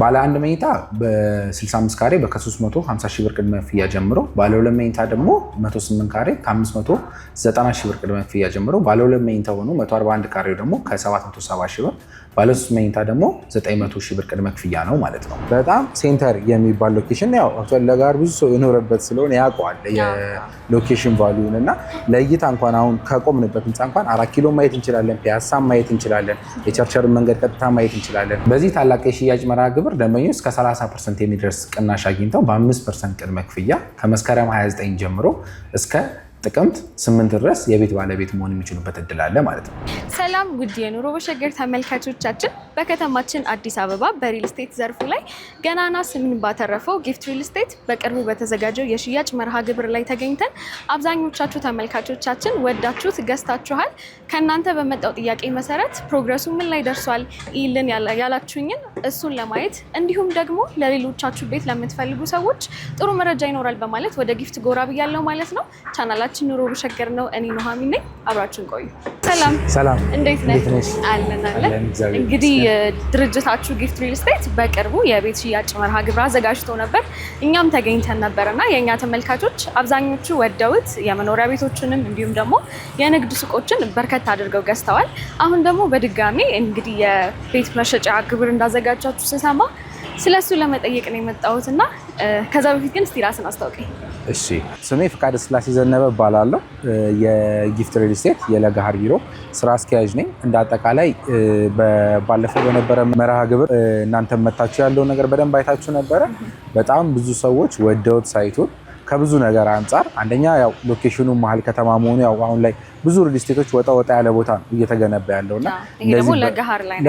ባለ አንድ መኝታ በ65 ካሬ በ 350 ሺህ ብር ቅድመ ክፍያ ጀምሮ፣ ባለ ሁለት መኝታ ደግሞ 108 ካሬ ከ590 ሺህ ብር ቅድመ ክፍያ ጀምሮ፣ ባለ ሁለት መኝታ ሆኖ 141 ካሬው ደግሞ ከ770 ሺህ ብር ባለሶስት መኝታ ደግሞ 900 ሺህ ብር ቅድመ ክፍያ ነው ማለት ነው። በጣም ሴንተር የሚባል ሎኬሽን ያው ለጋር ብዙ ሰው የኖረበት ስለሆነ ያውቀዋል የሎኬሽን ቫሊዩን እና ለእይታ እንኳን አሁን ከቆምንበት ህንፃ እንኳን አራት ኪሎ ማየት እንችላለን፣ ፒያሳ ማየት እንችላለን፣ የቸርቸር መንገድ ቀጥታ ማየት እንችላለን። በዚህ ታላቅ የሽያጭ መርሃ ግብር ደንበኞች እስከ 30 ፐርሰንት የሚደርስ ቅናሽ አግኝተው በ5 ፐርሰንት ቅድመ ክፍያ ከመስከረም 29 ጀምሮ እስከ ጥቅምት ስምንት ድረስ የቤት ባለቤት መሆን የሚችሉበት እድል አለ ማለት ነው። ሰላም ውድ የኑሮ በሸገር ተመልካቾቻችን፣ በከተማችን አዲስ አበባ በሪል ስቴት ዘርፉ ላይ ገናና ስምን ባተረፈው ጊፍት ሪል ስቴት በቅርቡ በተዘጋጀው የሽያጭ መርሃ ግብር ላይ ተገኝተን አብዛኞቻችሁ ተመልካቾቻችን ወዳችሁት ገዝታችኋል። ከእናንተ በመጣው ጥያቄ መሰረት ፕሮግረሱ ምን ላይ ደርሷል ይልን ያላችሁኝን እሱን ለማየት እንዲሁም ደግሞ ለሌሎቻችሁ ቤት ለምትፈልጉ ሰዎች ጥሩ መረጃ ይኖራል በማለት ወደ ጊፍት ጎራ ብያለው ማለት ነው ቻናላ ፕሮግራማችን ኑሮ በሸገር ነው። እኔ ኑሃሚን ነኝ። አብራችን ቆዩ። ሰላም ሰላም፣ እንዴት ነህ? አለን አለን። እንግዲህ ድርጅታችሁ ጊፍት ሪል ስቴት በቅርቡ የቤት ሽያጭ መርሃ ግብር አዘጋጅቶ ነበር። እኛም ተገኝተን ነበር እና የእኛ ተመልካቾች አብዛኞቹ ወደውት የመኖሪያ ቤቶችንም እንዲሁም ደግሞ የንግድ ሱቆችን በርከት አድርገው ገዝተዋል። አሁን ደግሞ በድጋሚ እንግዲህ የቤት መሸጫ ግብር እንዳዘጋጃችሁ ስሰማ ስለሱ ለመጠየቅ ነው የመጣሁት እና ከዛ በፊት ግን እስቲ ራስን አስታውቀኝ። እሺ ስሜ ፍቃደ ስላሴ ዘነበ እባላለሁ። የጊፍት ሪል ስቴት የለጋሃር ቢሮ ስራ አስኪያጅ ነኝ። እንደ አጠቃላይ ባለፈው በነበረ መርሃ ግብር እናንተ መታችሁ ያለው ነገር በደንብ አይታችሁ ነበረ። በጣም ብዙ ሰዎች ወደውት ሳይቱን ከብዙ ነገር አንጻር አንደኛ ያው ሎኬሽኑ መሀል ከተማ መሆኑ ያው አሁን ላይ ብዙ ሪል ወጣ ወጣ ያለ ቦታ ነው እየተገነባ ያለውና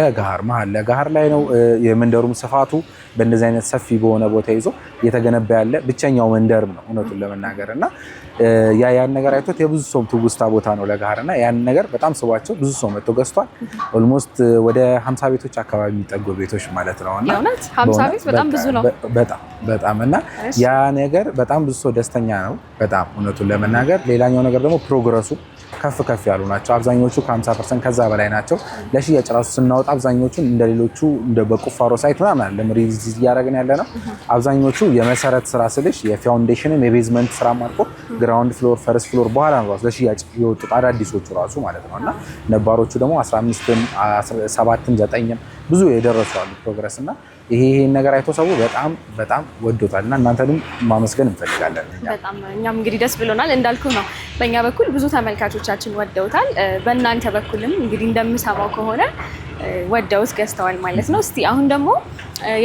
ለገሃር መሀል ለገሃር ላይ ነው የመንደሩም ስፋቱ በእንደዚህ አይነት ሰፊ በሆነ ቦታ ይዞ እየተገነባ ያለ ብቸኛው መንደርም ነው እውነቱን ለመናገር እና ያ ያን ነገር አይቶት የብዙ ሰው ትውስታ ቦታ ነው ለገሃር እና ያን ነገር በጣም ስቧቸው ብዙ ሰው መጥቶ ገዝቷል። ኦልሞስት ወደ ሀምሳ ቤቶች አካባቢ የሚጠጉ ቤቶች ማለት ነው እና በጣም በጣም እና ያ ነገር በጣም ብዙ ሰው ደስተኛ ነው በጣም እውነቱን ለመናገር ሌላኛው ነገር ደግሞ ፕሮግረሱ ከፍ ከፍ ያሉ ናቸው። አብዛኞቹ ከ50 ፐርሰንት ከዛ በላይ ናቸው። ለሽያጭ ራሱ ስናወጣ ሌሎቹ እንደሌሎቹ በቁፋሮ ሳይት ምናምን አለ ሪሊዝ እያደረግን ያለ ነው። አብዛኞቹ የመሰረት ስራ ስልሽ የፋውንዴሽንም የቤዝመንት ስራ አልቆ ግራውንድ ፍሎር፣ ፈርስት ፍሎር በኋላ ነው ራሱ ለሽያጭ የወጡት አዳዲሶቹ ራሱ ማለት ነው እና ነባሮቹ ደግሞ 15ም 7ም 9ም ብዙ የደረሱ አሉ ፕሮግረስ እና ይሄ ይሄን ነገር አይቶ ሰው በጣም በጣም ወዶታል እና እናንተንም ማመስገን እንፈልጋለን። በጣም እኛም እንግዲህ ደስ ብሎናል። እንዳልኩ ነው በእኛ በኩል ብዙ ተመልካቾቻችን ወደውታል። በእናንተ በኩልም እንግዲህ እንደምሰማው ከሆነ ወደውት ገዝተዋል ማለት ነው። እስቲ አሁን ደግሞ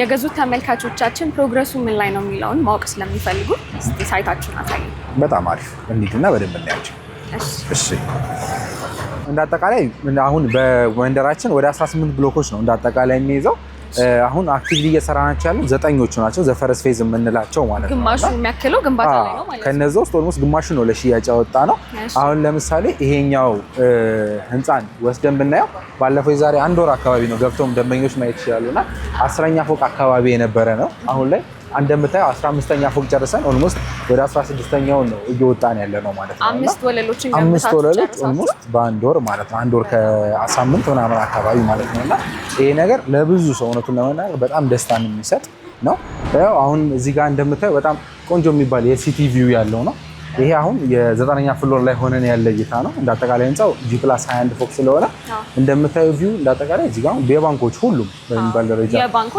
የገዙት ተመልካቾቻችን ፕሮግረሱ ምን ላይ ነው የሚለውን ማወቅ ስለሚፈልጉ እስቲ ሳይታችሁን አሳዩ። በጣም አሪፍ እንሂድና በደንብ እናያቸው። እሺ እንዳጠቃላይ አሁን በመንደራችን ወደ 18 ብሎኮች ነው እንዳጠቃላይ የሚይዘው አሁን አክቲቭሊ እየሰራናቸው ያሉ ዘጠኞቹ ናቸው። ዘፈረስ ፌዝ የምንላቸው ማለት ነው። ግማሹ የሚያክለው ግንባታ ላይ ነው ማለት ነው። ከነዚህ ውስጥ ኦልሞስት ግማሹ ነው ለሽያጭ ያወጣ ነው። አሁን ለምሳሌ ይሄኛው ህንፃን ወስደን ብናየው ባለፈው የዛሬ አንድ ወር አካባቢ ነው ገብተውም ደንበኞች ማየት ይችላሉና አስረኛ ፎቅ አካባቢ የነበረ ነው አሁን ላይ እንደምታየው 15ኛ ፎቅ ጨርሰን ኦልሞስት ወደ 16ኛው ነው እየወጣን ያለ ነው ማለት ነው። አምስት ወለሎችን አምስት ወለሎች ኦልሞስት በአንድ ወር ማለት ነው። አንድ ወር ከሳምንት ምናምን አካባቢ ማለት ነውና ይሄ ነገር ለብዙ ሰው እውነቱን ለመናገር በጣም ደስታን የሚሰጥ ነው። ያው አሁን እዚህ ጋር እንደምታየው በጣም ቆንጆ የሚባል የሲቲ ቪው ያለው ነው። ይሄ አሁን የዘጠነኛ ፍሎር ላይ ሆነን ያለ እይታ ነው። እንዳጠቃላይ ህንፃው ጂ ፕላስ 21 ፎቅ ስለሆነ እንደምታዩ ቪው እንዳጠቃላይ እዚህ ጋር ቤባንኮች ሁሉም በሚባል ደረጃ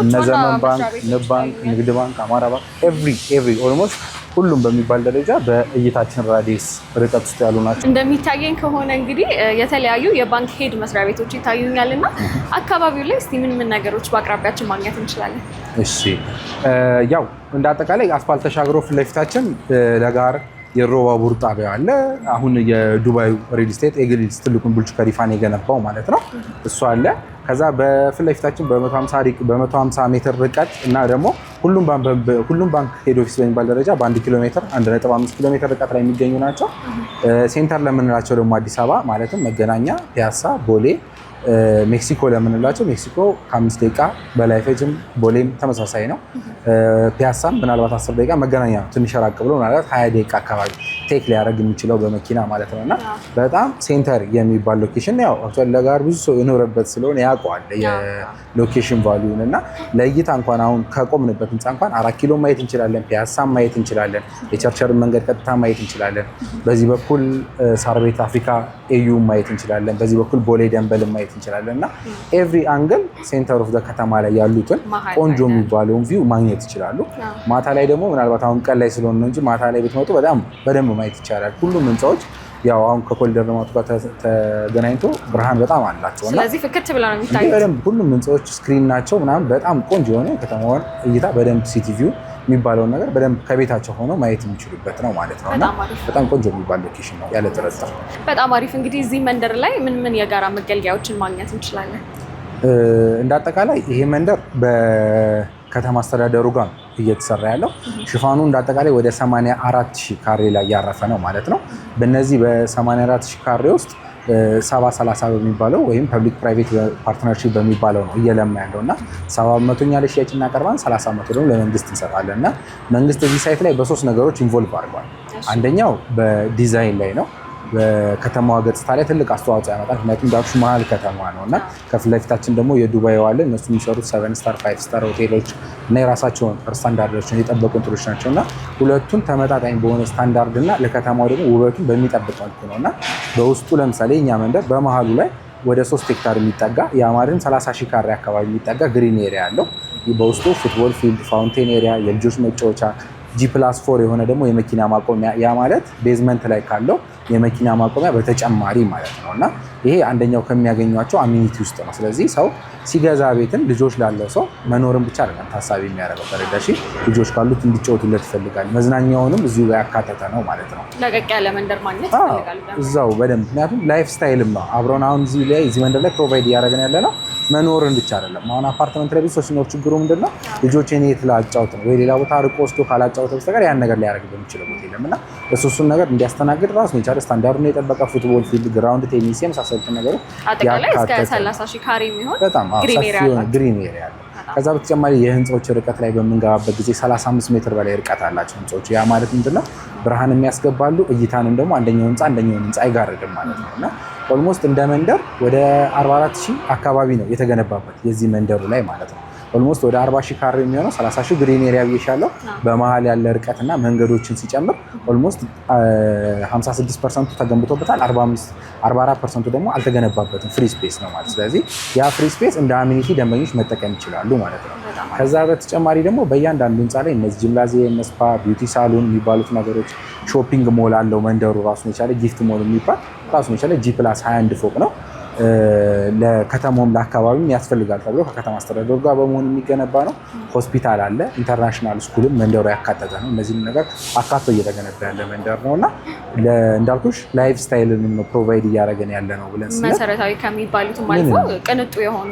እነ ዘመን ባንክ፣ ንብ ባንክ፣ ንግድ ባንክ፣ አማራ ባንክ ኤቭሪ ኤቭሪ ኦልሞስት ሁሉም በሚባል ደረጃ በእይታችን ራዲየስ ርቀት ውስጥ ያሉ ናቸው። እንደሚታየኝ ከሆነ እንግዲህ የተለያዩ የባንክ ሄድ መስሪያ ቤቶች ይታዩኛል እና አካባቢው ላይ እስቲ ምን ምን ነገሮች በአቅራቢያችን ማግኘት እንችላለን? እሺ ያው እንደ አጠቃላይ አስፋልት ተሻግሮ ፊት ለፊታችን ለጋር የሮባቡር ጣቢያ አለ። አሁን የዱባይ ሪል ስቴት ኤግሊስ ትልቁን ቡርጅ ከሊፋን የገነባው ማለት ነው እሱ አለ። ከዛ በፊት ለፊታችን በ150 ሜትር ርቀት እና ደግሞ ሁሉም ባንክ ሄድ ኦፊስ በሚባል ደረጃ በ1 ኪሎ ሜትር 1.5 ኪሎ ሜትር ርቀት ላይ የሚገኙ ናቸው። ሴንተር ለምንላቸው ደግሞ አዲስ አበባ ማለትም መገናኛ፣ ፒያሳ፣ ቦሌ ሜክሲኮ ለምንላቸው ሜክሲኮ ከአምስት ደቂቃ በላይ ፈጅም፣ ቦሌም ተመሳሳይ ነው። ፒያሳም ምናልባት አስር ደቂቃ መገናኛ ትንሽ ራቅ ብሎ ምናልባት ሀያ ደቂቃ አካባቢ ቴክ ሊያደርግ የሚችለው በመኪና ማለት ነው እና በጣም ሴንተር የሚባል ሎኬሽን ያው ለጋር ብዙ ሰው የኖረበት ስለሆነ ያውቀዋል የሎኬሽን ቫሊዩን እና ለእይታ እንኳን አሁን ከቆምንበት ህንፃ እንኳን አራት ኪሎ ማየት እንችላለን፣ ፒያሳ ማየት እንችላለን፣ የቸርቸር መንገድ ቀጥታ ማየት እንችላለን። በዚህ በኩል ሳርቤት አፍሪካ ኤዩ ማየት እንችላለን። በዚህ በኩል ቦሌ ደንበል ማየት ማየት እንችላለን እና ኤቭሪ አንግል ሴንተር ኦፍ ከተማ ላይ ያሉትን ቆንጆ የሚባለውን ቪው ማግኘት ይችላሉ። ማታ ላይ ደግሞ ምናልባት አሁን ቀን ላይ ስለሆነ እንጂ ማታ ላይ ብትመጡ በጣም በደንብ ማየት ይቻላል ሁሉም ህንፃዎች ያው አሁን ከኮሊደር ልማቱ ጋር ተገናኝቶ ብርሃን በጣም አላቸው እና ስለዚህ ፍክት ብላ ነው የሚታዩት። በደንብ ሁሉም ህንፃዎች ስክሪን ናቸው ምናምን በጣም ቆንጆ የሆነ ከተማዋን እይታ በደንብ ቪው የሚባለውን ነገር በደንብ ከቤታቸው ሆኖ ማየት የሚችሉበት ነው ማለት ነው እና በጣም ቆንጆ የሚባል ሎኬሽን ነው ያለ ጥርጥር። በጣም አሪፍ። እንግዲህ እዚህ መንደር ላይ ምን ምን የጋራ መገልገያዎችን ማግኘት እንችላለን? እንደ አጠቃላይ ይሄ መንደር በከተማ አስተዳደሩ ጋር እየተሰራ ያለው ሽፋኑ እንዳጠቃላይ ወደ 84 ሺህ ካሬ ላይ ያረፈ ነው ማለት ነው። በእነዚህ በ84 ሺህ ካሬ ውስጥ ሰባ በሚባለው ወይም ፐብሊክ ፕራይቬት ፓርትነርሺፕ በሚባለው ነው እየለማ ያለው እና 700 በመቶኛ ለሽያጭ እናቀርባን ሰላሳ በመቶ ደግሞ ለመንግስት እንሰጣለን እና መንግስት እዚህ ሳይት ላይ በሶስት ነገሮች ኢንቮልቭ አድርጓል። አንደኛው በዲዛይን ላይ ነው። በከተማዋ ገጽታ ላይ ትልቅ አስተዋጽኦ ያመጣል። ምክንያቱም ዳክሹ መሀል ከተማ ነው እና ከፊት ለፊታችን ደግሞ የዱባይ ዋለ እነሱ የሚሰሩት ሰቨን ስታር ፋይቭ ስታር ሆቴሎች እና የራሳቸውን ስታንዳርዶችን የጠበቁ እንትኖች ናቸው እና ሁለቱን ተመጣጣኝ በሆነ ስታንዳርድ እና ለከተማው ደግሞ ውበቱን በሚጠብቅ መልኩ ነው እና በውስጡ ለምሳሌ እኛ መንደር በመሀሉ ላይ ወደ ሶስት ሄክታር የሚጠጋ የአማርን 30 ሺህ ካሬ አካባቢ የሚጠጋ ግሪን ኤሪያ አለው። በውስጡ ፉትቦል ፊልድ፣ ፋውንቴን ኤሪያ፣ የልጆች መጫወቻ ጂ ፕላስ ፎር የሆነ ደግሞ የመኪና ማቆሚያ ያ ማለት ቤዝመንት ላይ ካለው የመኪና ማቆሚያ በተጨማሪ ማለት ነው እና ይሄ አንደኛው ከሚያገኟቸው አሚኒቲ ውስጥ ነው። ስለዚህ ሰው ሲገዛ ቤትን ልጆች ላለው ሰው መኖርን ብቻ አይደለም ታሳቢ የሚያደርገው ተረዳሽ። ልጆች ካሉት እንዲጫወቱለት ይፈልጋል። መዝናኛውንም እዚሁ ላይ ያካተተ ነው ማለት ነው። ለቀቅ ያለ መንደር ማግኘት ይፈልጋል እዛው በደንብ ምክንያቱም ላይፍ ስታይልም ነው አብረን አሁን እዚህ ላይ እዚህ መንደር ላይ ፕሮቫይድ እያደረግን ያለ ነው መኖርን ብቻ አይደለም። አሁን አፓርትመንት ላይ ብዙ ሰው ሲኖር ችግሩ ምንድን ነው? እኔ የት ላጫውት ነው ወይ ሌላ ቦታ ርቆ ወስዶ ካላጫውት በስተቀር ያን ነገር ሊያደርግ በሚችለው ቦታ የለም እና እሱ እሱን ነገር እንዲያስተናግድ ራሱ የቻለ ስታንዳርዱን የጠበቀ ፉትቦል ፊልድ፣ ግራውንድ፣ ቴኒስ የመሳሰሉትን ነገሮች በጣም ግሪን ኤሪያ አለ። ከዛ በተጨማሪ የህንፃዎች ርቀት ላይ በምንገባበት ጊዜ 35 ሜትር በላይ ርቀት አላቸው ህንፃዎቹ። ያ ማለት ምንድን ነው ብርሃንም ያስገባሉ፣ እይታንም ደግሞ አንደኛው ህንፃ አንደኛውን ህንፃ አይጋርድም ማለት ነው እና ኦልሞስት እንደ መንደር ወደ 44 ሺህ አካባቢ ነው የተገነባበት የዚህ መንደሩ ላይ ማለት ነው። ኦልሞስት ወደ 40 ሺህ ካሬ የሚሆነው 30 ሺህ ግሪን ኤሪያ ብዬሻለሁ። በመሀል ያለ ርቀትና መንገዶችን ሲጨምር ኦልሞስት 56 ፐርሰንቱ ተገንብቶበታል። 44 ፐርሰንቱ ደግሞ አልተገነባበትም ፍሪ ስፔስ ነው ማለት። ስለዚህ ያ ፍሪ ስፔስ እንደ አሚኒቲ ደንበኞች መጠቀም ይችላሉ ማለት ነው። ከዛ በተጨማሪ ደግሞ በእያንዳንዱ ህንፃ ላይ እነዚህ ጂምናዚየም፣ ስፓ፣ ቢዩቲ ሳሎን የሚባሉት ነገሮች ሾፒንግ ሞል አለው መንደሩ ራሱን የቻለ ጊፍት ሞል የሚባል ራሱን የቻለ ጂ ፕላስ 21 ፎቅ ነው። ለከተማውም ለአካባቢም ያስፈልጋል ተብሎ ከከተማ አስተዳደሩ ጋር በመሆን የሚገነባ ነው። ሆስፒታል አለ። ኢንተርናሽናል ስኩልም መንደሩ ያካተተ ነው። እነዚህም ነገር አካቶ እየተገነባ ያለ መንደር ነው እና እንዳልኩሽ ላይፍ ስታይልን ነው ፕሮቫይድ እያደረገን ያለ ነው ብለን መሰረታዊ ከሚባሉትም አልፎ ቅንጡ የሆኑ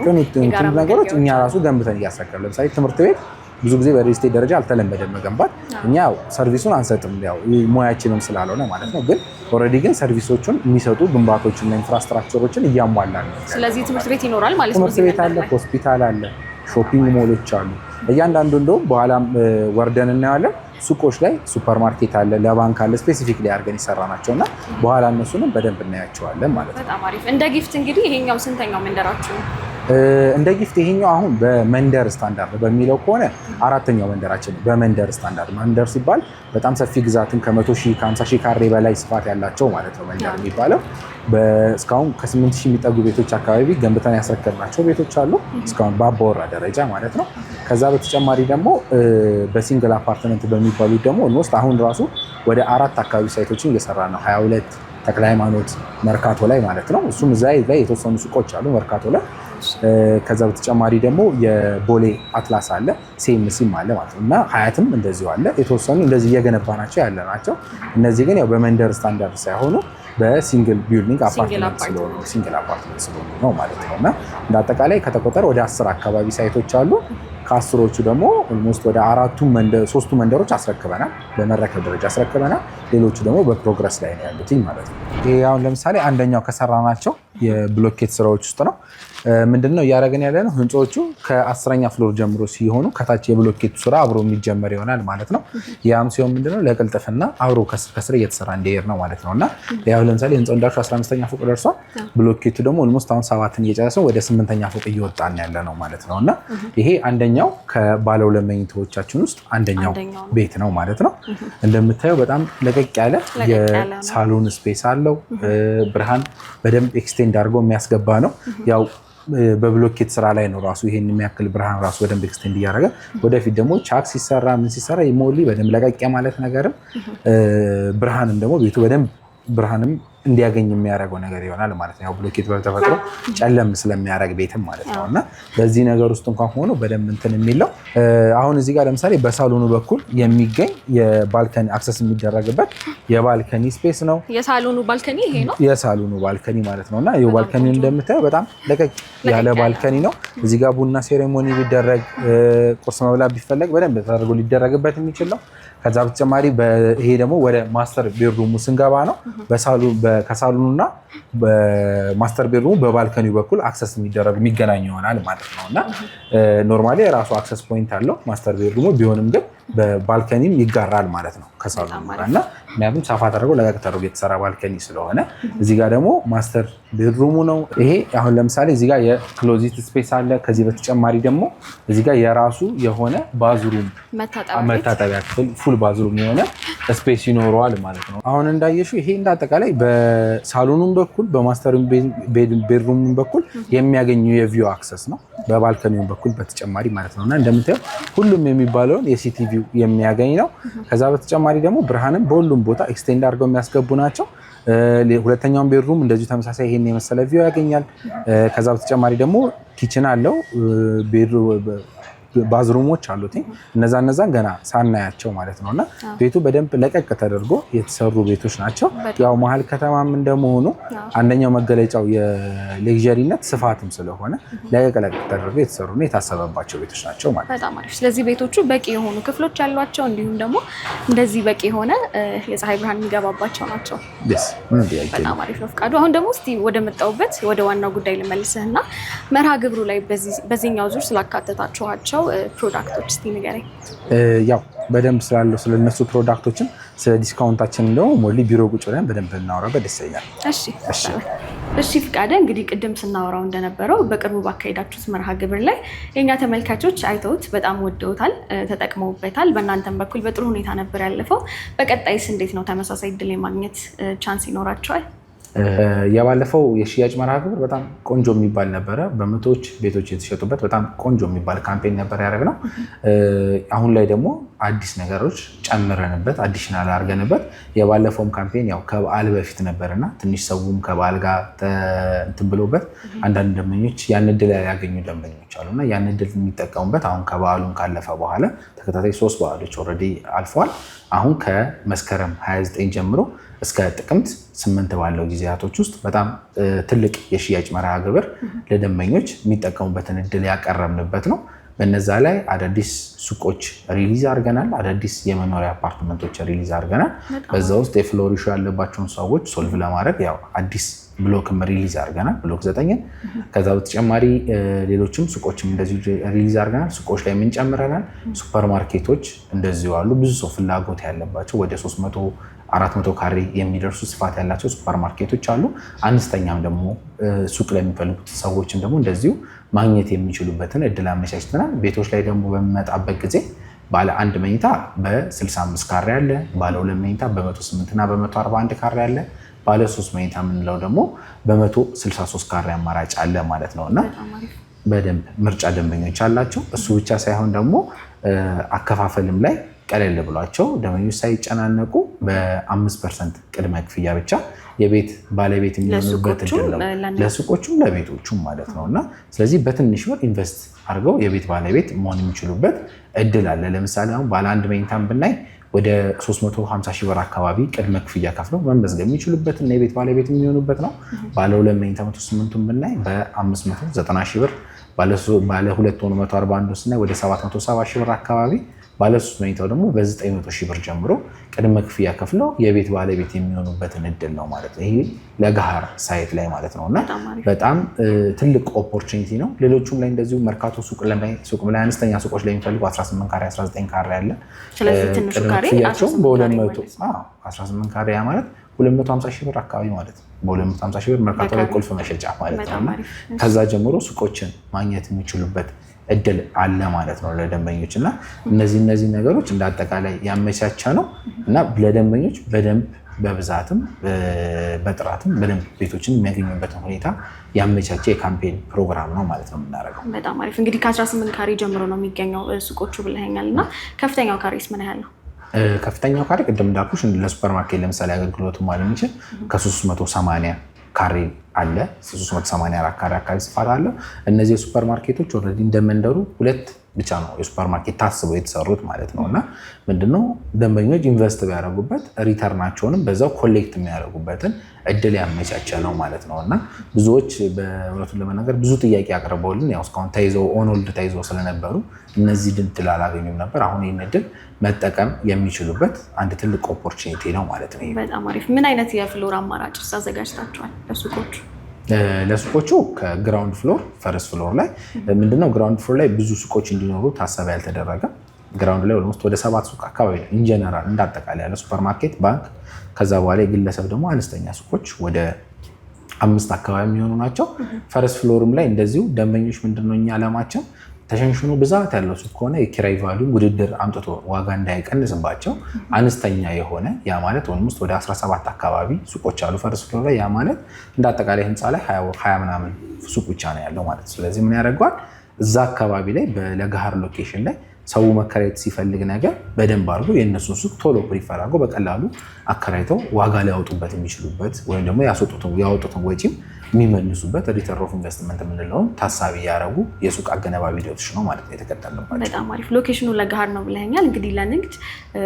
ነገሮች እኛ ራሱ ገንብተን እያስረከብ ለምሳሌ ትምህርት ቤት ብዙ ጊዜ በሪል ደረጃ አልተለመደም መገንባት። እኛ ሰርቪሱን አንሰጥም፣ ያው ሙያችንም ስላልሆነ ማለት ነው። ግን ኦልሬዲ ግን ሰርቪሶቹን የሚሰጡ ግንባቶችና ኢንፍራስትራክቸሮችን እያሟላ ነው። ስለዚህ ትምህርት ቤት ይኖራል ማለት ነው። ትምህርት ቤት አለ፣ ሆስፒታል አለ፣ ሾፒንግ ሞሎች አሉ። እያንዳንዱ እንደውም በኋላም ወርደን እናያለን። ሱቆች ላይ ሱፐር ማርኬት አለ፣ ለባንክ አለ። ስፔሲፊክ ላይ አድርገን የሰራ ናቸው እና በኋላ እነሱንም በደንብ እናያቸዋለን ማለት ነው። በጣም አሪፍ። እንደ ጊፍት እንግዲህ ይሄኛው ስንተኛው መንደራችሁ ነው? እንደ ጊፍት ይሄኛው አሁን በመንደር ስታንዳርድ በሚለው ከሆነ አራተኛው መንደራችን በመንደር ስታንዳርድ መንደር ሲባል በጣም ሰፊ ግዛትን ከ100 ሺህ ከ50 ሺህ ካሬ በላይ ስፋት ያላቸው ማለት ነው መንደር የሚባለው። እስካሁን ከስምንት ሺህ የሚጠጉ ቤቶች አካባቢ ገንብተን ያስረከብናቸው ቤቶች አሉ፣ እስካሁን በአባወራ ደረጃ ማለት ነው። ከዛ በተጨማሪ ደግሞ በሲንግል አፓርትመንት በሚባሉት ደግሞ ኦልሞስት አሁን ራሱ ወደ አራት አካባቢ ሳይቶችን እየሰራ ነው 22 ተክለ ሃይማኖት መርካቶ ላይ ማለት ነው። እሱም እዛ ላይ የተወሰኑ ሱቆች አሉ መርካቶ ላይ ከዛ በተጨማሪ ደግሞ የቦሌ አትላስ አለ፣ ሴምሲም አለ ማለት ነው እና ሀያትም እንደዚሁ አለ። የተወሰኑ እንደዚህ እየገነባ ናቸው ያለ ናቸው። እነዚህ ግን ያው በመንደር ስታንዳርድ ሳይሆኑ በሲንግል ቢልዲንግ አፓርትመንት ስለሆኑ ሲንግል አፓርትመንት ስለሆኑ ነው ማለት ነው እና እንደ አጠቃላይ ከተቆጠረ ወደ አስር አካባቢ ሳይቶች አሉ። ከአስሮቹ ደግሞ ኦልሞስት ወደ አራቱ ሶስቱ መንደሮች አስረክበናል፣ በመረከብ ደረጃ አስረክበናል። ሌሎቹ ደግሞ በፕሮግረስ ላይ ነው ያሉትኝ ማለት ነው። ይሄ አሁን ለምሳሌ አንደኛው ከሰራናቸው የብሎኬት ስራዎች ውስጥ ነው። ምንድን ነው እያደረግን ያለ ነው? ህንፃዎቹ ከአስረኛ ፍሎር ጀምሮ ሲሆኑ ከታች የብሎኬቱ ስራ አብሮ የሚጀመር ይሆናል ማለት ነው። ያም ሲሆን ምንድነው ለቅልጥፍና አብሮ ከስር ከስር እየተሰራ እንዲሄድ ነው ማለት ነው። እና ያው ለምሳሌ ህንፃው እንዳልሽው 15ኛ ፎቅ ደርሷል። ብሎኬቱ ደግሞ ኦልሞስት አሁን ሰባትን እየጨረሰ ወደ ስምንተኛ ፎቅ እየወጣን ያለ ነው ማለት ነው። እና ይሄ አንደኛው ከባለ ሁለት መኝታዎቻችን ውስጥ አንደኛው ቤት ነው ማለት ነው። እንደምታየው በጣም ለቀቅ ያለ የሳሎን ስፔስ አለው። ብርሃን በደንብ ኤክስቴንድ አድርገው የሚያስገባ ነው ያው በብሎኬት ስራ ላይ ነው ራሱ ይሄን የሚያክል ብርሃን ራሱ በደንብ ኤክስቴንድ እያደረገ ወደፊት ደግሞ ቻክ ሲሰራ ምን ሲሰራ ይሞሊ በደንብ ለቀቅ ማለት ነገርም ብርሃንም ደግሞ ቤቱ በደንብ ብርሃንም እንዲያገኝ የሚያደርገው ነገር ይሆናል ማለት ነው። ብሎኬት በተፈጥሮ ጨለም ስለሚያደርግ ቤትም ማለት ነው እና በዚህ ነገር ውስጥ እንኳን ሆኖ በደንብ እንትን የሚለው አሁን እዚህ ጋር ለምሳሌ በሳሎኑ በኩል የሚገኝ የባልከኒ አክሰስ የሚደረግበት የባልከኒ ስፔስ ነው። የሳሎኑ ባልከኒ ይሄ ነው፣ የሳሎኑ ባልከኒ ማለት ነው እና ይኸው ባልከኒ እንደምታየው በጣም ለቀቅ ያለ ባልከኒ ነው። እዚህ ጋር ቡና ሴሬሞኒ ቢደረግ ቁርስ መብላት ቢፈለግ በደንብ ተደርጎ ሊደረግበት የሚችል ነው። ከዛ በተጨማሪ ይሄ ደግሞ ወደ ማስተር ቤድሩሙ ስንገባ ነው በሳሉ ከሳሎኑና በማስተር ቤድሩሙ በባልከኒው በኩል አክሰስ የሚደረግ የሚገናኝ ይሆናል ማለት ነው እና ኖርማሊ የራሱ አክሰስ ፖይንት አለው ማስተር ቤድሩሙ ቢሆንም ግን በባልከኒም ይጋራል ማለት ነው ከሳሎኑ እና ምክንያቱም ሰፋ ተደርጎ ለቀቅ ተደርጎ የተሰራ ባልከኒ ስለሆነ እዚህ ጋር ደግሞ ማስተር ቤድሩሙ ነው ይሄ አሁን ለምሳሌ እዚህ ጋር የክሎዚት ስፔስ አለ ከዚህ በተጨማሪ ደግሞ እዚህ ጋር የራሱ የሆነ ባዝሩም መታጠቢያ ክፍል ፉል ባዝሩም የሆነ ስፔስ ይኖረዋል ማለት ነው አሁን እንዳየሹ ይሄ እንዳጠቃላይ በሳሎኑም በኩል በማስተር ቤድሩም በኩል የሚያገኙ የቪው አክሰስ ነው። በባልከኒውም በኩል በተጨማሪ ማለት ነው እና እንደምታየው ሁሉም የሚባለውን ቪው የሚያገኝ ነው። ከዛ በተጨማሪ ደግሞ ብርሃንም በሁሉም ቦታ ኤክስቴንድ አድርገው የሚያስገቡ ናቸው። ሁለተኛውን ቤድሩም እንደዚሁ ተመሳሳይ ይሄን የመሰለ ቪው ያገኛል። ከዛ በተጨማሪ ደግሞ ኪችን አለው ባዝሩሞች አሉት። እነዛ እነዛን ገና ሳናያቸው ማለት ነው እና ቤቱ በደንብ ለቀቅ ተደርጎ የተሰሩ ቤቶች ናቸው። ያው መሀል ከተማም እንደመሆኑ አንደኛው መገለጫው የሌክዠሪነት ስፋትም ስለሆነ ለቀቅ ለቀቅ ተደርጎ የተሰሩና የታሰበባቸው ቤቶች ናቸው ማለት ነው። በጣም አሪፍ። ስለዚህ ቤቶቹ በቂ የሆኑ ክፍሎች ያሏቸው እንዲሁም ደግሞ እንደዚህ በቂ የሆነ የፀሐይ ብርሃን የሚገባባቸው ናቸው። በጣም አሪፍ ነው ፍቃዱ። አሁን ደግሞ እስቲ ወደ መጣውበት ወደ ዋናው ጉዳይ ልመልስህና መርሃ ግብሩ ላይ በዚህኛው ዙር ስላካተታችኋቸው ፕሮዳክቶች ንገረኝ። ያው በደንብ ስላለው ስለነሱ ስለ ዲስካውንታችን ደግሞ ሞሊ ቢሮ ቁጭ ብለን በደንብ እናወራበት ደስ ይለኛል። እሺ እሺ እሺ ፍቃደ፣ እንግዲህ ቅድም ስናወራው እንደነበረው በቅርቡ ባካሄዳችሁት መርሃ ግብር ላይ የኛ ተመልካቾች አይተውት በጣም ወደውታል፣ ተጠቅመውበታል። በእናንተም በኩል በጥሩ ሁኔታ ነበር ያለፈው። በቀጣይስ እንዴት ነው? ተመሳሳይ እድል የማግኘት ቻንስ ይኖራቸዋል? የባለፈው የሽያጭ መርሃ ግብር በጣም ቆንጆ የሚባል ነበረ። በመቶዎች ቤቶች የተሸጡበት በጣም ቆንጆ የሚባል ካምፔን ነበር ያደረግ ነው። አሁን ላይ ደግሞ አዲስ ነገሮች ጨምረንበት አዲሽናል አድርገንበት የባለፈውም ካምፔን ያው ከበዓል በፊት ነበርና ትንሽ ሰውም ከበዓል ጋር እንትን ብሎበት አንዳንድ ደንበኞች ያን ዕድል ያገኙ ደንበኞች አሉ እና ያን እድል የሚጠቀሙበት አሁን ከበዓሉን ካለፈ በኋላ ተከታታይ ሶስት በዓሎች ኦልሬዲ አልፈዋል። አሁን ከመስከረም 29 ጀምሮ እስከ ጥቅምት ስምንት ባለው ጊዜያቶች ውስጥ በጣም ትልቅ የሽያጭ መርሃ ግብር ለደንበኞች የሚጠቀሙበትን እድል ያቀረብንበት ነው። በነዛ ላይ አዳዲስ ሱቆች ሪሊዝ አድርገናል። አዳዲስ የመኖሪያ አፓርትመንቶች ሪሊዝ አድርገናል። በዛ ውስጥ የፍሎሪሹ ያለባቸውን ሰዎች ሶልቭ ለማድረግ ያው አዲስ ብሎክም ሪሊዝ አድርገናል፣ ብሎክ ዘጠኝን። ከዛ በተጨማሪ ሌሎችም ሱቆችም እንደዚሁ ሪሊዝ አድርገናል። ሱቆች ላይ የምንጨምረናል። ሱፐር ማርኬቶች እንደዚሁ አሉ። ብዙ ሰው ፍላጎት ያለባቸው ወደ 300 400 ካሬ የሚደርሱ ስፋት ያላቸው ሱፐርማርኬቶች አሉ። አነስተኛም ደግሞ ሱቅ ለሚፈልጉት ሰዎችም ደግሞ እንደዚሁ ማግኘት የሚችሉበትን እድል አመቻችተናል። ቤቶች ላይ ደግሞ በሚመጣበት ጊዜ ባለ አንድ መኝታ በ65 ካሬ አለ። ባለ ሁለት መኝታ በ108 እና በ141 ካሬ አለ። ባለ ሶስት መኝታ የምንለው ደግሞ በ163 ካሬ አማራጭ አለ ማለት ነው እና በደንብ ምርጫ ደንበኞች አላቸው። እሱ ብቻ ሳይሆን ደግሞ አከፋፈልም ላይ ቀለል ብሏቸው ደመኞች ሳይጨናነቁ በአምስት ፐርሰንት ቅድመ ክፍያ ብቻ የቤት ባለቤት የሚሆኑበት ለሱቆቹም ለቤቶቹም ማለት ነው። እና ስለዚህ በትንሽ ብር ኢንቨስት አድርገው የቤት ባለቤት መሆን የሚችሉበት እድል አለ። ለምሳሌ አሁን ባለ አንድ መኝታን ብናይ ወደ 350 ሺህ ብር አካባቢ ቅድመ ክፍያ ከፍለው መመዝገብ የሚችሉበትና የቤት ባለቤት የሚሆኑበት ነው። ባለ ሁለት መኝታ 108ቱን ብናይ በ590 ሺህ ብር ባለ ሁለት ሆኖ 141 ስናይ ወደ 770 ሺህ ብር አካባቢ ባለሶስት መኝታው ደግሞ በ900 ሺህ ብር ጀምሮ ቅድመ ክፍያ ከፍለው የቤት ባለቤት የሚሆኑበትን እድል ነው ማለት ነው። ይሄ ለገሃር ሳይት ላይ ማለት ነው እና በጣም ትልቅ ኦፖርቹኒቲ ነው። ሌሎቹም ላይ እንደዚሁ መርካቶ ሱቅ ላይ አነስተኛ ሱቆች ላይ የሚፈልጉ 18 ካሬ፣ 19 ካሬ ያለ ቅድመ ክፍያቸውም በ218 ካሬ ማለት 250 ሺህ ብር አካባቢ ማለት ነው በ250 ሺህ ብር መርካቶ ላይ ቁልፍ መሸጫ ማለት ነው። ከዛ ጀምሮ ሱቆችን ማግኘት የሚችሉበት እድል አለ ማለት ነው ለደንበኞች እና እነዚህ እነዚህ ነገሮች እንደ አጠቃላይ ያመቻቸ ነው እና ለደንበኞች በደንብ በብዛትም በጥራትም በደንብ ቤቶችን የሚያገኙበትን ሁኔታ ያመቻቸ የካምፔን ፕሮግራም ነው ማለት ነው የምናደርገው። በጣም አሪፍ እንግዲህ ከ18 ካሬ ጀምሮ ነው የሚገኘው ሱቆቹ ብለኛል። እና ከፍተኛው ካሬስ ምን ያህል ነው? ከፍተኛው ካሬ ቅድም እንዳልኩሽ ለሱፐርማርኬት ለምሳሌ አገልግሎት ማለ የሚችል ከ380 ካሬ አለ 384 ካሬ አካባቢ ስፋት አለ። እነዚህ የሱፐር ማርኬቶች ኦልሬዲ እንደመንደሩ ሁለት ብቻ ነው የሱፐር ማርኬት ታስበው የተሰሩት ማለት ነው። እና ምንድነው ደንበኞች ኢንቨስት ቢያደረጉበት ሪተርናቸውንም በዛው ኮሌክት የሚያደርጉበትን እድል ያመቻቸ ነው ማለት ነው። እና ብዙዎች በእውነቱን ለመናገር ብዙ ጥያቄ አቅርበውልን ያው እስካሁን ተይዘው ኦንሆልድ ተይዘው ስለነበሩ እነዚህ ድድል አላገኙም ነበር። አሁን ይህን እድል መጠቀም የሚችሉበት አንድ ትልቅ ኦፖርቹኒቲ ነው ማለት ነው። በጣም አሪፍ። ምን አይነት የፍሎር አማራጭ አዘጋጅታችኋል ለሱቆች? ለሱቆቹ ከግራውንድ ፍሎር ፈረስ ፍሎር ላይ ምንድነው ግራውንድ ፍሎር ላይ ብዙ ሱቆች እንዲኖሩ ታሰበ ያልተደረገ ግራውንድ ላይ ኦልሞስት ወደ ሰባት ሱቅ አካባቢ ነው ኢንጀነራል እንዳጠቃላይ ያለ ሱፐርማርኬት፣ ባንክ፣ ከዛ በኋላ የግለሰብ ደግሞ አነስተኛ ሱቆች ወደ አምስት አካባቢ የሚሆኑ ናቸው። ፈርስ ፍሎርም ላይ እንደዚሁ ደንበኞች ምንድነው እኛ አላማችን ተሸንሽኑ ብዛት ያለው ሱቅ ከሆነ የኪራይ ቫሊዩም ውድድር አምጥቶ ዋጋ እንዳይቀንስባቸው አነስተኛ የሆነ ያ ማለት ኦልሞስት ወደ 17 አካባቢ ሱቆች አሉ ፈርስ ፍሎር ላይ ያ ማለት እንደ አጠቃላይ ህንፃ ላይ 20 ምናምን ሱቅ ብቻ ነው ያለው ማለት ስለዚህ ምን ያደርገዋል እዛ አካባቢ ላይ በለጋሃር ሎኬሽን ላይ ሰው መከራየት ሲፈልግ ነገር በደንብ አድርጎ የእነሱን ሱቅ ቶሎ ፕሪፈር አድርጎ በቀላሉ አከራይተው ዋጋ ሊያወጡበት የሚችሉበት ወይም ደግሞ ያወጡትን ወጪም የሚመልሱበት ሪተርን ኦፍ ኢንቨስትመንት የምንለውን ታሳቢ ያደረጉ የሱቅ አገነባቢ ሂደቶች ነው ማለት ነው የተከተልንባቸው። በጣም አሪፍ። ሎኬሽኑ ለገሃር ነው ብለኛል። እንግዲህ ለንግድ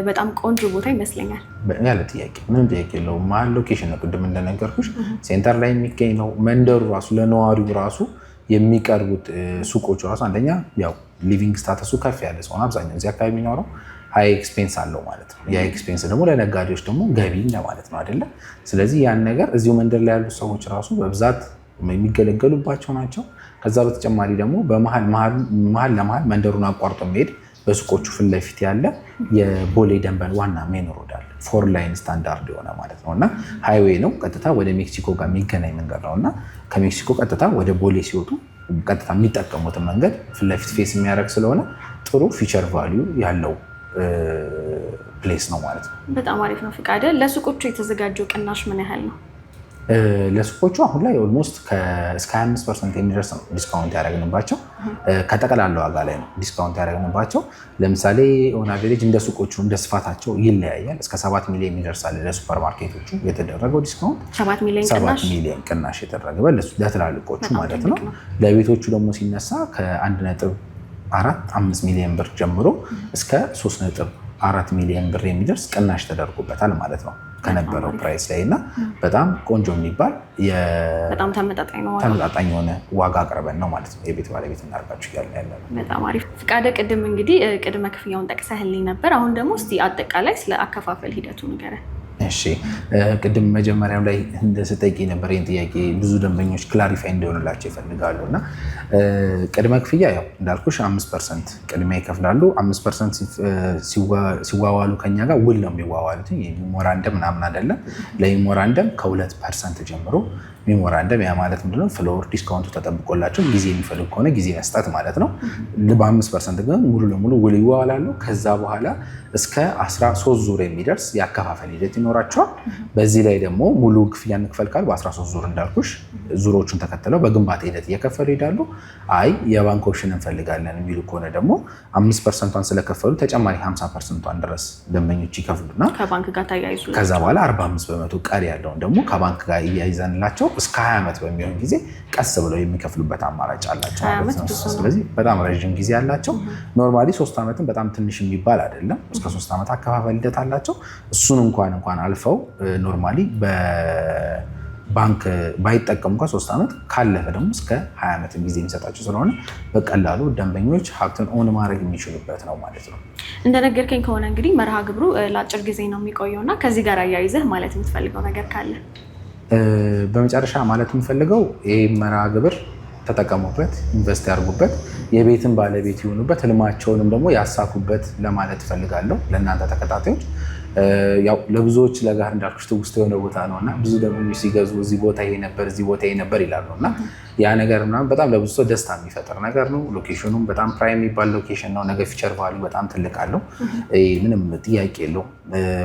በጣም ቆንጆ ቦታ ይመስለኛል። ያለ ጥያቄ ምንም ጥያቄ የለውም። መሀል ሎኬሽን ነው፣ ቅድም እንደነገርኩሽ ሴንተር ላይ የሚገኝ ነው። መንደሩ ራሱ ለነዋሪው ራሱ የሚቀርቡት ሱቆች ራሱ አንደኛ ያው ሊቪንግ ስታተሱ ከፍ ያለ ሲሆን አብዛኛው እዚህ አካባቢ የሚኖረው ሀይ ኤክስፔንስ አለው ማለት ነው። ያ ኤክስፔንስ ደግሞ ለነጋዴዎች ደግሞ ገቢ ለማለት ነው አይደለ? ስለዚህ ያን ነገር እዚሁ መንደር ላይ ያሉት ሰዎች ራሱ በብዛት የሚገለገሉባቸው ናቸው። ከዛ በተጨማሪ ደግሞ በመሀል ለመሀል መንደሩን አቋርጦ መሄድ በሱቆቹ ፊት ለፊት ያለ የቦሌ ደንበል ዋና ሜን ሮድ አለ። ፎር ላይን ስታንዳርድ የሆነ ማለት ነው እና ሃይዌይ ነው። ቀጥታ ወደ ሜክሲኮ ጋር የሚገናኝ መንገድ ነው እና ከሜክሲኮ ቀጥታ ወደ ቦሌ ሲወጡ ቀጥታ የሚጠቀሙትን መንገድ ፊት ለፊት ፌስ የሚያደርግ ስለሆነ ጥሩ ፊቸር ቫሊዩ ያለው ፕሌስ ነው ማለት ነው። በጣም አሪፍ ነው። ፍቃደ ለሱቆቹ የተዘጋጀው ቅናሽ ምን ያህል ነው? ለሱቆቹ አሁን ላይ ኦልሞስት እስከ 25 ፐርሰንት የሚደርስ ነው ዲስካውንት ያደረግንባቸው። ከጠቅላላ ዋጋ ላይ ነው ዲስካውንት ያደረግንባቸው። ለምሳሌ ኦን አቨሬጅ እንደ ሱቆቹ እንደ ስፋታቸው ይለያያል። እስከ 7 ሚሊዮን ይደርሳል ለሱፐርማርኬቶቹ የተደረገው ዲስካውንት 7 ሚሊዮን ቅናሽ የተደረገበት ለትላልቆቹ ማለት ነው። ለቤቶቹ ደግሞ ሲነሳ ከአንድ ነጥብ አራት አምስት ሚሊዮን ብር ጀምሮ እስከ 3 ነጥብ አራት ሚሊዮን ብር የሚደርስ ቅናሽ ተደርጎበታል ማለት ነው። ከነበረው ፕራይስ ላይ እና በጣም ቆንጆ የሚባል ተመጣጣኝ የሆነ ዋጋ አቅርበን ነው ማለት ነው የቤት ባለቤት እናርጋችሁ እያለ ያለ በጣም አሪፍ ፍቃደ። ቅድም እንግዲህ ቅድመ ክፍያውን ጠቅሰህልኝ ነበር። አሁን ደግሞ እስኪ አጠቃላይ ስለ አከፋፈል ሂደቱ ንገረን። እሺ ቅድም መጀመሪያም ላይ እንደስጠቂ ነበር። ይህን ጥያቄ ብዙ ደንበኞች ክላሪፋይ እንዲሆንላቸው ይፈልጋሉ። እና ቅድመ ክፍያ ያው እንዳልኩሽ አምስት ፐርሰንት ቅድሚያ ይከፍላሉ። አምስት ፐርሰንት ሲዋዋሉ ከኛ ጋር ውል ነው የሚዋዋሉት። ሞራንደም ምናምን አይደለም። ለሞራንደም ከሁለት ፐርሰንት ጀምሮ ሜሞራንደም ያ ማለት ምንድነው? ፍሎር ዲስካውንቱ ተጠብቆላቸው ጊዜ የሚፈልግ ከሆነ ጊዜ መስጠት ማለት ነው። በአምስት ፐርሰንት ግን ሙሉ ለሙሉ ውል ይዋዋላሉ። ከዛ በኋላ እስከ 13 ዙር የሚደርስ የአከፋፈል ሂደት ይኖራቸዋል። በዚህ ላይ ደግሞ ሙሉ ክፍያ እንክፈል ካሉ በ13 ዙር እንዳልኩሽ ዙሮቹን ተከትለው በግንባታ ሂደት እየከፈሉ ይሄዳሉ። አይ የባንክ ኦፕሽን እንፈልጋለን የሚሉ ከሆነ ደግሞ አምስት ፐርሰንቷን ስለከፈሉ ተጨማሪ 50 ፐርሰንቷን ድረስ ደንበኞች ይከፍሉና ከዛ በኋላ 45 በመቶ ቀሪ ያለውን ደግሞ ከባንክ ጋር እያይዘንላቸው እስከ 20 ዓመት በሚሆን ጊዜ ቀስ ብለው የሚከፍሉበት አማራጭ አላቸው ማለት ነው። ስለዚህ በጣም ረዥም ጊዜ አላቸው። ኖርማሊ ሶስት ዓመትም በጣም ትንሽ የሚባል አይደለም። እስከ ሶስት ዓመት አከፋፈል ሂደት አላቸው። እሱን እንኳን እንኳን አልፈው ኖርማሊ ባንክ ባይጠቀሙ እንኳ ሶስት ዓመት ካለፈ ደግሞ እስከ ሀያ ዓመት ጊዜ የሚሰጣቸው ስለሆነ በቀላሉ ደንበኞች ሀብትን ኦን ማድረግ የሚችሉበት ነው ማለት ነው። እንደነገርከኝ ከሆነ እንግዲህ መርሃ ግብሩ ለአጭር ጊዜ ነው የሚቆየው እና ከዚህ ጋር አያይዘህ ማለት የምትፈልገው ነገር ካለ በመጨረሻ ማለት የምፈልገው ይህ መርሃ ግብር ተጠቀሙበት፣ ኢንቨስት ያድርጉበት፣ የቤትን ባለቤት ይሆኑበት፣ ህልማቸውንም ደግሞ ያሳኩበት ለማለት እፈልጋለሁ ለእናንተ ተከታታዮች። ያው ለብዙዎች ለጋር እንዳልኩሽ ትውስት የሆነ ቦታ ነው እና ብዙ ደግሞ ሲገዙ እዚህ ቦታ ይሄ ነበር እዚህ ቦታ ይሄ ነበር ይላሉ እና ያ ነገር ምናምን በጣም ለብዙ ሰው ደስታ የሚፈጥር ነገር ነው። ሎኬሽኑም በጣም ፕራይም የሚባል ሎኬሽን ነው። ነገ ፊቸር ባሉ በጣም ትልቅ አለው፣ ምንም ጥያቄ የለው።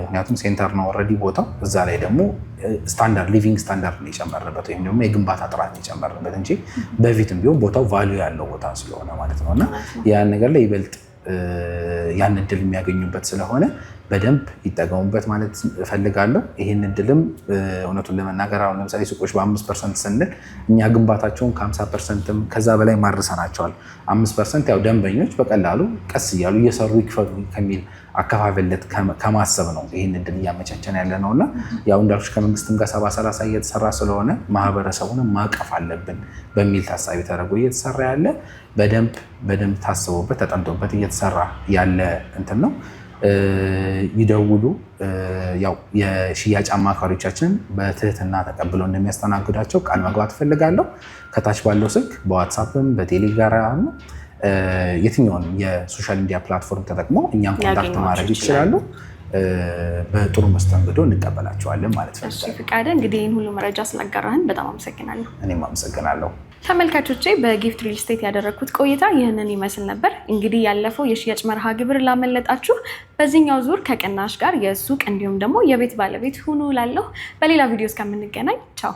ምክንያቱም ሴንተር ነው ኦልሬዲ ቦታው። እዛ ላይ ደግሞ ስታንዳርድ ሊቪንግ ስታንዳርድ ነው የጨመረበት ወይም ደግሞ የግንባታ ጥራት ነው የጨመረበት እንጂ በፊትም ቢሆን ቦታው ቫሉ ያለው ቦታ ስለሆነ ማለት ነው እና ያን ነገር ላይ ይበልጥ ያን እድል የሚያገኙበት ስለሆነ በደንብ ይጠቀሙበት ማለት እፈልጋለሁ። ይህን እድልም እውነቱን ለመናገር አሁን ለምሳሌ ሱቆች በአምስት ፐርሰንት ስንል እኛ ግንባታቸውን ከሀምሳ ፐርሰንትም ከዛ በላይ ማድረሰናቸዋል። አምስት ፐርሰንት ያው ደንበኞች በቀላሉ ቀስ እያሉ እየሰሩ ይክፈሉ ከሚል አከፋፈለት ከማሰብ ነው ይህን እድል እያመቻቸን ያለ ነው እና ያው እንዳልኩሽ ከመንግስትም ጋር ሰባ ሰላሳ እየተሰራ ስለሆነ ማህበረሰቡን ማቀፍ አለብን በሚል ታሳቢ ተደርጎ እየተሰራ ያለ በደንብ በደንብ ታስቦበት ተጠንቶበት እየተሰራ ያለ እንትን ነው። ይደውሉ። ያው የሽያጭ አማካሪዎቻችን በትህትና ተቀብለው እንደሚያስተናግዳቸው ቃል መግባት እፈልጋለሁ። ከታች ባለው ስልክ በዋትሳፕም በቴሌግራም የትኛውንም የሶሻል ሚዲያ ፕላትፎርም ተጠቅሞ እኛን ኮንታክት ማድረግ ይችላሉ። በጥሩ መስተንግዶ እንቀበላቸዋለን ማለት ነው። ፍቃደ፣ እንግዲህ ይህን ሁሉ መረጃ ስላጋራህን በጣም አመሰግናለሁ። እኔም አመሰግናለሁ። ተመልካቾቼ በጊፍት ሪል ስቴት ያደረግኩት ቆይታ ይህንን ይመስል ነበር። እንግዲህ ያለፈው የሽያጭ መርሃ ግብር ላመለጣችሁ በዚህኛው ዙር ከቅናሽ ጋር የሱቅ እንዲሁም ደግሞ የቤት ባለቤት ሁኑ ላለሁ በሌላ ቪዲዮ እስከምንገናኝ ቻው።